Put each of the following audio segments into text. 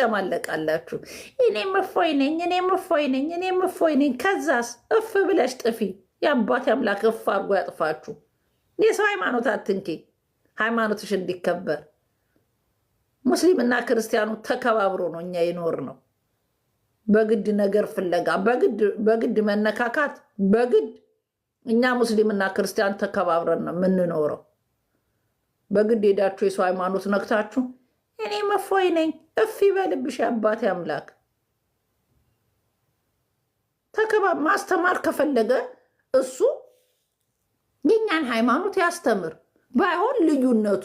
ትጨማለቃላችሁ። እኔም እፎይ ነኝ፣ እኔም እፎይ ነኝ፣ እኔም እፎይ ነኝ። ከዛስ እፍ ብለሽ ጥፊ። የአባት አምላክ እፍ አድርጎ ያጥፋችሁ። የሰው ሃይማኖት አትንኪ፣ ሃይማኖትሽ እንዲከበር። ሙስሊምና ክርስቲያኑ ተከባብሮ ነው እኛ ይኖር ነው። በግድ ነገር ፍለጋ፣ በግድ መነካካት፣ በግድ እኛ ሙስሊምና ክርስቲያን ተከባብረን ነው የምንኖረው። በግድ ሄዳችሁ የሰው ሃይማኖት ነግታችሁ እኔ መፎይ ነኝ። እፍ ይበልብሽ አባቴ አምላክ። ተከባ ማስተማር ከፈለገ እሱ የኛን ሃይማኖት ያስተምር። ባይሆን ልዩነቱ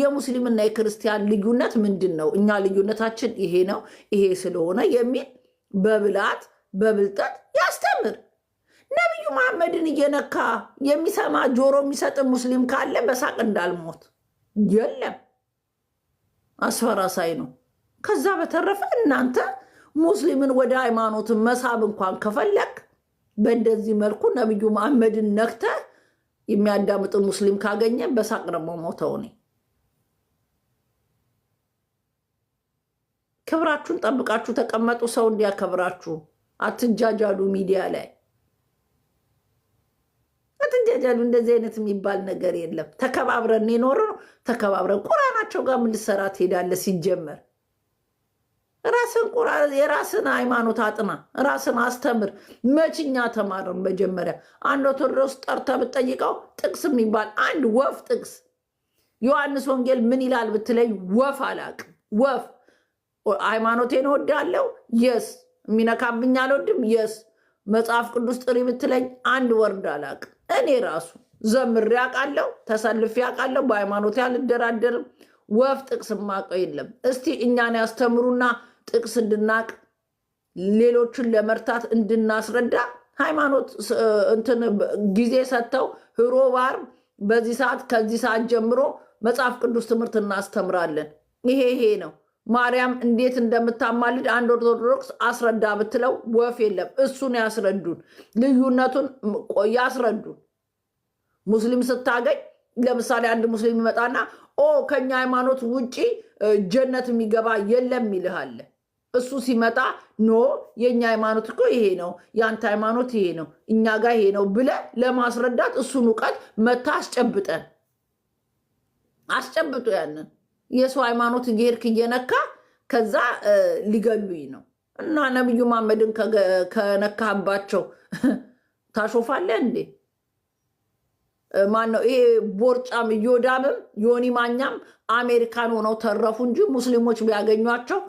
የሙስሊምና የክርስቲያን ልዩነት ምንድን ነው? እኛ ልዩነታችን ይሄ ነው፣ ይሄ ስለሆነ የሚል በብላት በብልጠት ያስተምር። ነቢዩ መሐመድን እየነካ የሚሰማ ጆሮ የሚሰጥ ሙስሊም ካለ በሳቅ እንዳልሞት የለም። አስፈራሳይ ነው። ከዛ በተረፈ እናንተ ሙስሊምን ወደ ሃይማኖትን መሳብ እንኳን ከፈለግ በእንደዚህ መልኩ ነቢዩ መሐመድን ነክተ የሚያዳምጥ ሙስሊም ካገኘ በሳቅ ደግሞ ሞተው ነኝ። ክብራችሁን ጠብቃችሁ ተቀመጡ። ሰው እንዲያከብራችሁ አትጃጃሉ ሚዲያ ላይ ይገደዳሉ። እንደዚህ አይነት የሚባል ነገር የለም። ተከባብረን የኖረ ነው። ተከባብረን ቁራናቸው ጋር ምንሰራ ትሄዳለህ? ሲጀመር ራስን የራስን ሃይማኖት አጥና፣ ራስን አስተምር። መችኛ ተማርን። መጀመሪያ አንድ ኦርቶዶክስ ጠርተህ ብትጠይቀው ጥቅስ የሚባል አንድ ወፍ ጥቅስ ዮሐንስ ወንጌል ምን ይላል ብትለኝ ወፍ አላቅም። ወፍ ሃይማኖቴን ወዳለው የስ የሚነካብኝ አልወድም የስ መጽሐፍ ቅዱስ ጥሪ ብትለኝ አንድ ወርድ አላቅም። እኔ ራሱ ዘምሬ አውቃለሁ፣ ተሰልፌ አውቃለሁ። በሃይማኖት አልደራደርም። ወፍ ጥቅስ ማቀው የለም። እስቲ እኛን ያስተምሩና ጥቅስ እንድናቅ ሌሎችን ለመርታት እንድናስረዳ ሃይማኖት እንትን ጊዜ ሰጥተው ህሮ ባር በዚህ ሰዓት ከዚህ ሰዓት ጀምሮ መጽሐፍ ቅዱስ ትምህርት እናስተምራለን። ይሄ ይሄ ነው። ማርያም እንዴት እንደምታማልድ አንድ ኦርቶዶክስ አስረዳ ብትለው ወፍ የለም። እሱን ያስረዱን፣ ልዩነቱን ያስረዱን። ሙስሊም ስታገኝ ለምሳሌ አንድ ሙስሊም ይመጣና ኦ ከኛ ሃይማኖት ውጪ ጀነት የሚገባ የለም ይልሃል። እሱ ሲመጣ ኖ የእኛ ሃይማኖት እኮ ይሄ ነው፣ የአንተ ሃይማኖት ይሄ ነው፣ እኛ ጋር ይሄ ነው ብለ ለማስረዳት እሱን እውቀት መታ አስጨብጠን አስጨብጦ ያንን የሰው ሃይማኖት ጌርክ እየነካ ከዛ ሊገሉኝ ነው እና ነቢዩ መሐመድን ከነካህባቸው ታሾፋለህ እንዴ? ማን ነው ይሄ ቦርጫም እዮዳብም ዮኒ ማኛም አሜሪካን ሆነው ተረፉ እንጂ ሙስሊሞች ቢያገኟቸው